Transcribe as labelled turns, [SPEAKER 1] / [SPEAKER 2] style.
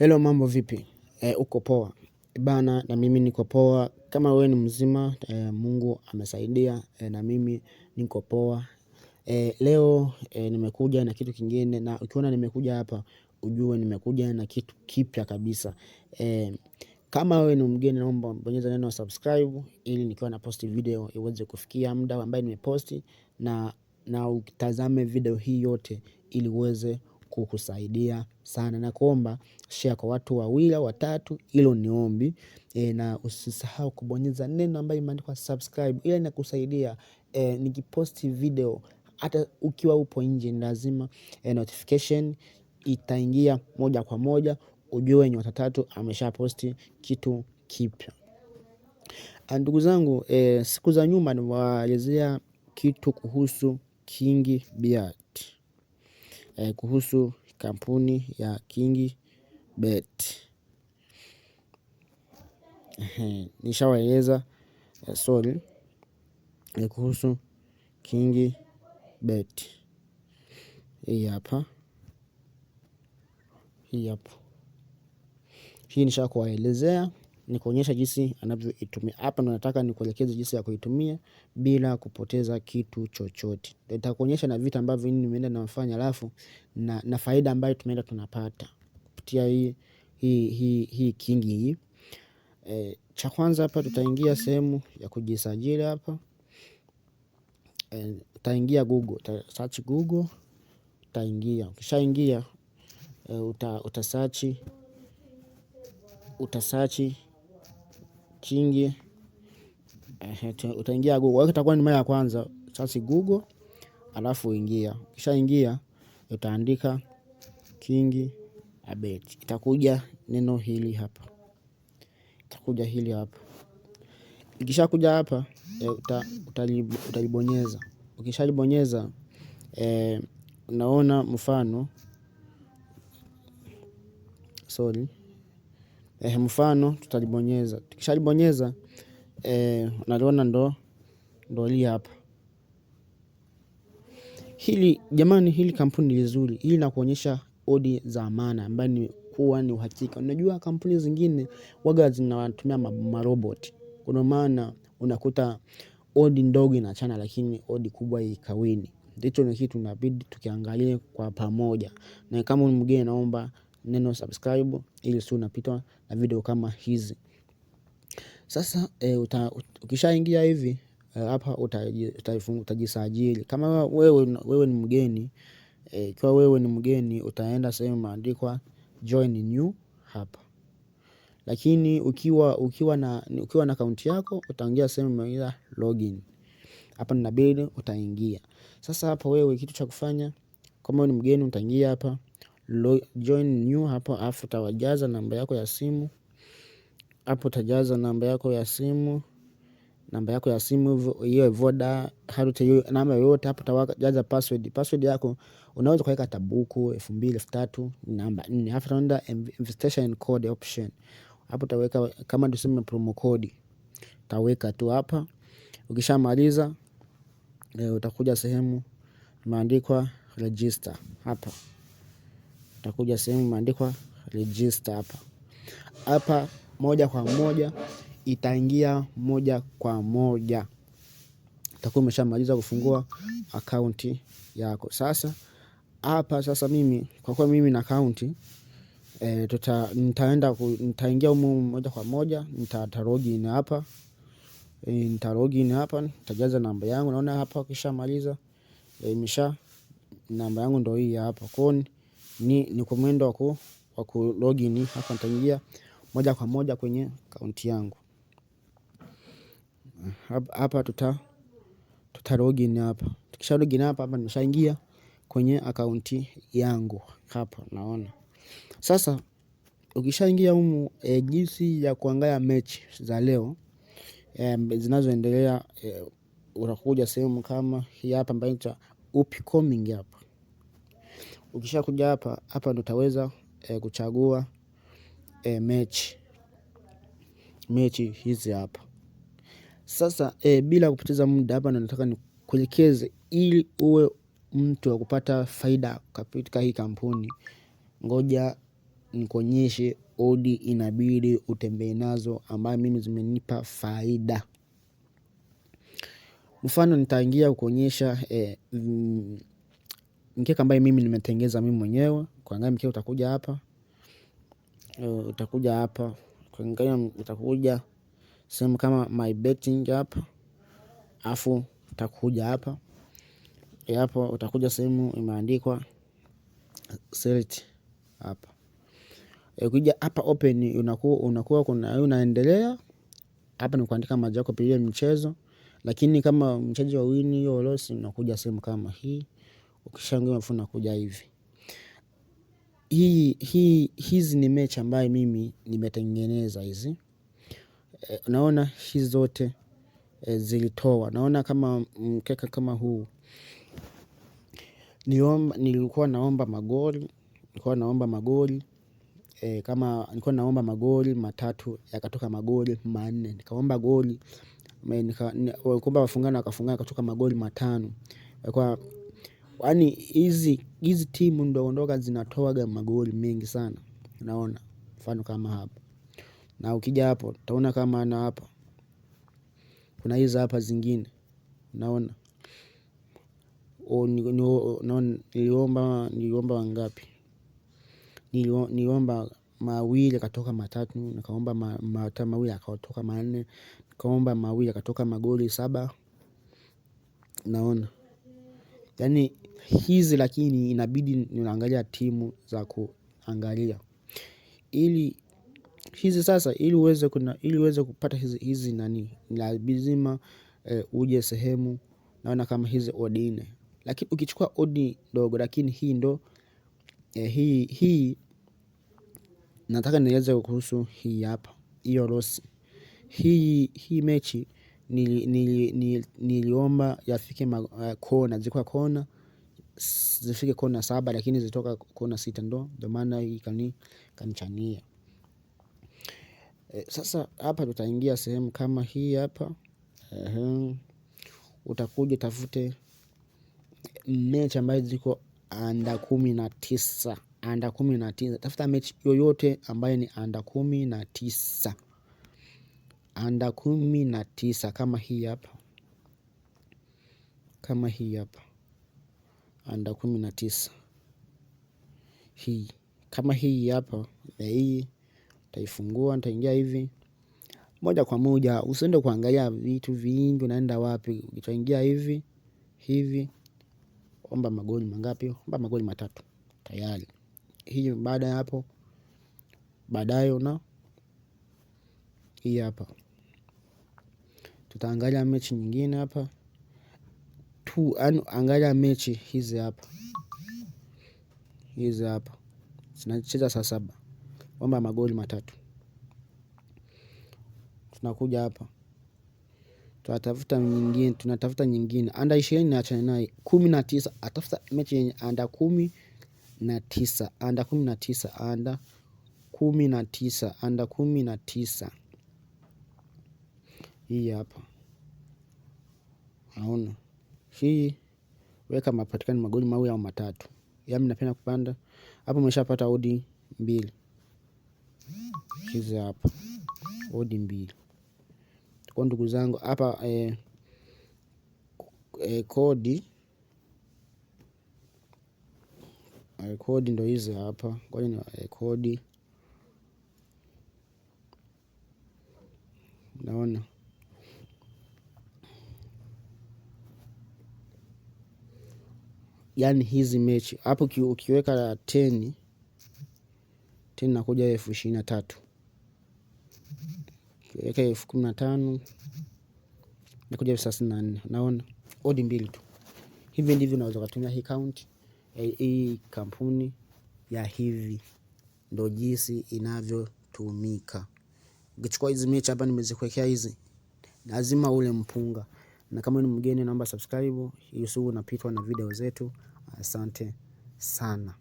[SPEAKER 1] Hello, mambo vipi? E, uko poa bana? Na mimi niko poa. Kama wewe ni mzima e, Mungu amesaidia e, na mimi niko poa e, leo e, nimekuja na kitu kingine, na ukiona nimekuja hapa ujue nimekuja na kitu kipya kabisa e, kama wewe ni mgeni, naomba bonyeza neno subscribe ili nikiwa na posti video iweze kufikia muda ambaye nimeposti, na na utazame video hii yote ili uweze kukusaidia sana na kuomba share kwa watu wawili au watatu hilo ni ombi e, na usisahau kubonyeza neno ambayo imeandikwa subscribe ile inakusaidia e, nikiposti video hata ukiwa upo nje ni lazima e, notification itaingia moja kwa moja ujue nyota tatu amesha posti kitu kipya. Ah, ndugu zangu e, siku za nyuma niwaelezea kitu kuhusu King Biat. Eh, kuhusu kampuni ya KingBet. Nishawaeleza eh, sorry eh, kuhusu KingBet. Hii hapa. Hii hapa. Hii nishakuwaelezea nikuonyesha jinsi anavyoitumia. Hapa ndo nataka nikuelekeze jinsi ya kuitumia bila kupoteza kitu chochote. Nitakuonyesha na vitu ambavyo nimeenda nafanya, alafu na, na faida ambayo tumeenda tunapata kupitia hii, hii, hii, hii kingi hii. E, cha kwanza hapa tutaingia sehemu ya kujisajili hapa. E, utaingia Google, uta search Google, utaingia ukishaingia, e, uta, utasachi utasachi kingi utaingia Google, utakuwa ni mara ya kwanza sasa Google, alafu ingia, kisha ingia, utaandika kingi abet, itakuja neno hili hapa, itakuja hili hapa. Ikisha kuja hapa e, uta, utalibonyeza. Ukishalibonyeza eh, unaona mfano sorry eh, mfano tutalibonyeza. Tukishalibonyeza eh, naliona ndo ndo hili hapa hili. Jamani, hili kampuni ni nzuri, hili nakuonyesha odi za amana ambayo ni kuwa ni uhakika. Unajua kampuni zingine waga zinawatumia marobot, kuna maana unakuta odi ndogo inachana, lakini odi kubwa ikawini. Ndicho ni kitu inabidi tukiangalie kwa pamoja, na kama mgeni naomba neno subscribe ili usiwe unapitwa na video kama hizi. Sasa e, uta, ukishaingia hivi e, hapa utajisajili kama wewe, wewe ni mgeni e, eh, kwa wewe ni mgeni utaenda sehemu imeandikwa join new hapa, lakini ukiwa, ukiwa na ukiwa na akaunti yako utaingia sehemu imeandikwa login hapa, inabidi utaingia sasa. Hapa wewe kitu cha kufanya kama wewe ni mgeni utaingia hapa join new hapo afu utawajaza namba yako ya simu hapo utajaza namba yako ya simu namba yako ya simu hiyo voda haruta namba yoyote hapo utajaza password password yako unaweza kuweka tabuku elfu mbili elfu tatu namba nne hapo utaenda invitation code option hapo utaweka kama tuseme promo code utaweka tu hapa ukishamaliza e, utakuja sehemu imeandikwa register hapa Utakuja sehemu imeandikwa register hapa hapa, moja kwa moja itaingia moja kwa moja, utakuwa umeshamaliza kufungua akaunti yako. Sasa hapa sasa, mimi kwa kuwa mimi na akaunti e, eh, tuta, nitaenda nitaingia humu moja kwa moja, eh, nita login hapa e, nita login hapa, nitajaza namba yangu. Naona hapa kishamaliza eh, imesha namba yangu ndo hii hapa kwao ni kwa mwendo wa login hapa, nitaingia moja kwa moja kwenye akaunti yangu hapa, tuta tuta login hapa. Tukisha login hapa hapa, nimeshaingia kwenye akaunti yangu hapa, naona sasa. Ukishaingia humu e, jinsi ya kuangalia mechi za leo e, zinazoendelea e, eh, unakuja sehemu kama hii hapa ambayo inaitwa upcoming hapa Ukishakuja hapa hapa ndo utaweza e, kuchagua e, mechi mechi hizi hapa sasa. E, bila kupoteza muda hapa ndo nataka nikuelekeze ili uwe mtu wa kupata faida katika hii kampuni. Ngoja nikuonyeshe odi inabidi utembee nazo ambayo mimi zimenipa faida. Mfano nitaingia kuonyesha e, mm, mkeka ambaye mimi nimetengeza mimi mwenyewe. Kuangalia mkeka utakuja hapa, uh, utakuja hapa, kuangalia utakuja sehemu kama my betting hapa, afu utakuja hapa eh, hapo, utakuja sehemu imeandikwa select hapa. Eh, ukija hapa open, unakuwa unakuwa kuna unaendelea hapa ni kuandika majako pia mchezo, lakini kama mchezaji wa win hiyo loss, unakuja sehemu kama hii ukishaongea alafu nakuja hivi. Hii, hii, hizi ni mechi ambayo mimi nimetengeneza hizi e, naona hizi zote e, zilitoa. Naona kama mkeka kama huu niomba, nilikuwa naomba magoli nilikuwa naomba magoli e, kama nilikuwa naomba magoli matatu yakatoka magoli manne, nikaomba goli kuomba wafungana wakafungana, akatoka magoli matano kwa yani hizi hizi timu ndogo ndogo zinatoaga magoli mengi sana, unaona mfano kama hapa, na ukija hapo utaona kama na hapa kuna hizi hapa zingine, unaona niliomba wangapi? Niliomba mawili akatoka matatu, nikaomba mawili akatoka manne, nikaomba mawili akatoka magoli saba, naona yani hizi, lakini inabidi ninaangalia timu za kuangalia ili hizi sasa, ili uweze kuna, ili uweze kupata hizi, hizi nani lazima e, uje sehemu naona kama hizi odi nne, lakini ukichukua odi ndogo, lakini hii ndo e, hii hii nataka nieleze kuhusu hii hapa, hiyo losi hii hii mechi niliomba yafike eh, kona, zilikuwa kona, zifike kona saba lakini zitoka kona sita ndo, ndo maana hii kanichania. Eh, sasa hapa tutaingia sehemu kama hii hapa, utakuja utafute mechi ambayo ziko anda kumi na tisa, anda kumi na tisa, tafuta mechi yoyote ambayo ni anda kumi na tisa anda kumi na tisa kama hii hapa, kama hii hapa anda kumi na tisa hii kama hii hapa e, na hii taifungua, nitaingia hivi moja kwa moja, usiende kuangalia vitu vingi, unaenda wapi? Utaingia hivi hivi, omba magoli mangapi? Omba magoli matatu tayari. Hii baada ya hapo, baadaye una hii hapa. Tutaangalia mechi nyingine hapa tu, angalia mechi hizi hapa, hizi hapa zinacheza saa saba, omba magoli matatu. Tunakuja hapa tunatafuta nyingine, tunatafuta nyingine anda ishirini, achane naye kumi na tisa. Atafuta mechi yenye anda kumi na tisa, anda kumi na tisa, anda kumi na tisa, anda kumi na tisa hii hapa, naona hii weka mapatikani magoli mawili au matatu, yaani napenda kupanda hapo. Umeshapata odi mbili hizi hapa, odi mbili kwa ndugu zangu hapa eh, eh, kodi eh, kodi ndo hizi hapa kwa eh, kodi naona yani hizi mechi hapo ukiweka teni teni nakuja elfu ishirini na tatu ukiweka elfu kumi na tano nakuja elfu thelathini na nne Naona odi mbili tu. Hivi ndivyo unaweza kutumia hii kaunti eh, hii kampuni ya hivi, ndo jinsi inavyotumika. Ukichukua hizi mechi hapa nimezikuwekea hizi, lazima ule mpunga na kama ni mgeni, naomba subscribe, usiwe unapitwa na video zetu. Asante sana.